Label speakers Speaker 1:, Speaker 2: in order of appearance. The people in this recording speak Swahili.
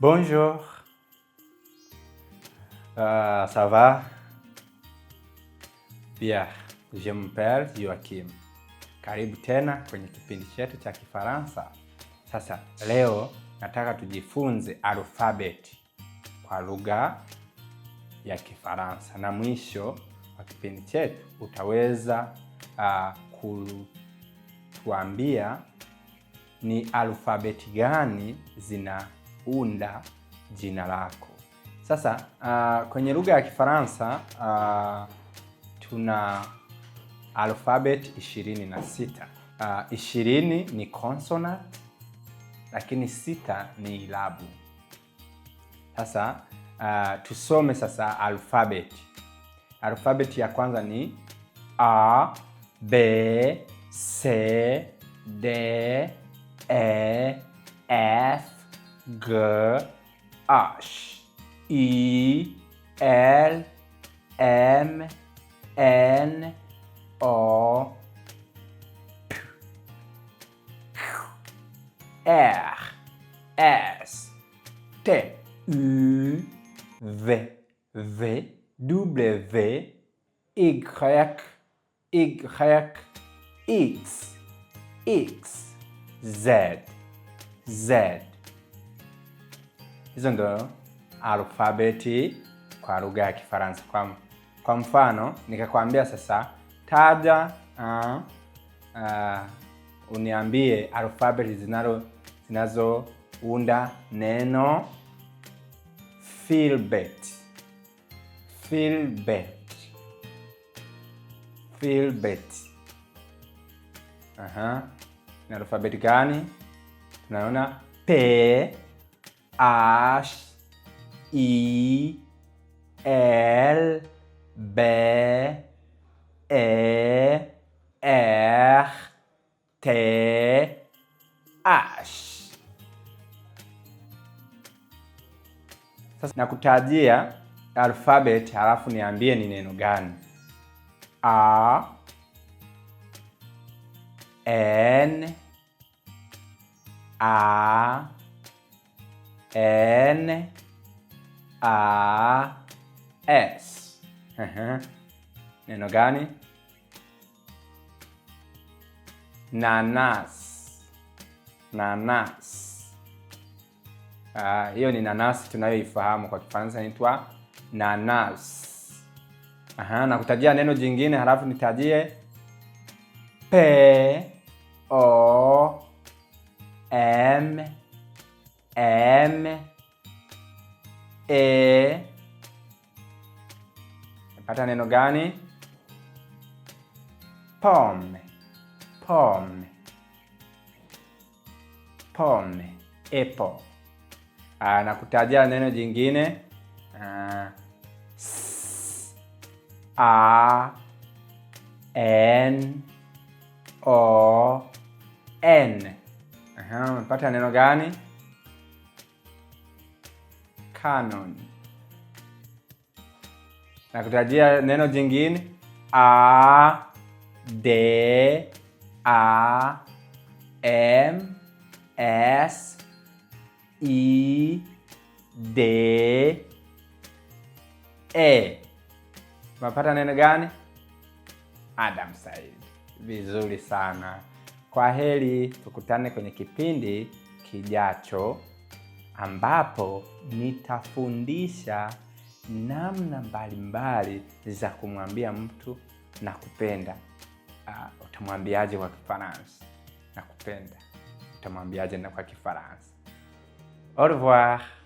Speaker 1: Bonjour. Uh, ça va? Bien. Je m'appelle Joachim. Karibu tena kwenye kipindi chetu cha Kifaransa. Sasa leo nataka tujifunze alfabeti kwa lugha ya Kifaransa, na mwisho wa kipindi chetu utaweza uh, kutuambia ni alfabeti gani zina unda jina lako. Sasa uh, kwenye lugha ya Kifaransa uh, tuna alfabet 26. Uh, 20 ni consonant lakini sita ni ilabu. Sasa uh, tusome sasa alfabet. Alfabet ya kwanza ni A, B, C, D, E, F G, H, I, L, M, N, O, P, R, S, T, U, V, V, W, Y, Y, X, X, Z, Z. Hizo ndo alfabeti kwa lugha ya Kifaransa. Kwa, kwa mfano nikakwambia sasa taja uh, uh, uniambie alfabeti zinazo zinazounda neno filbet. Filbet. Filbet. Ni alfabeti gani? Tunaona P H I L B E R T H. Sasa nakutajia alfabeti halafu niambie ni neno gani. A N A N A S. Neno gani? Nanas. Nanas. Uh, hiyo ni nanasi tunayoifahamu kwa Kifaransa inaitwa nanas. Aha, na kutajia neno jingine halafu nitajie P O hata neno gani? Pome, pome, pome, apple. Aa, ah, na kutajia neno jingine aa, ah. s, a, n, o, n. Aha, umepata neno gani? Canon na kutajia neno jingine a d a m s i d e. Mapata neno gani? Adam Said. Vizuri sana. Kwa heri, tukutane kwenye kipindi kijacho ambapo nitafundisha namna mbalimbali za kumwambia mtu kupenda Uh, utamwambiaje kwa Kifaransa? na kupenda utamwambiaje na kwa Kifaransa? Au revoir.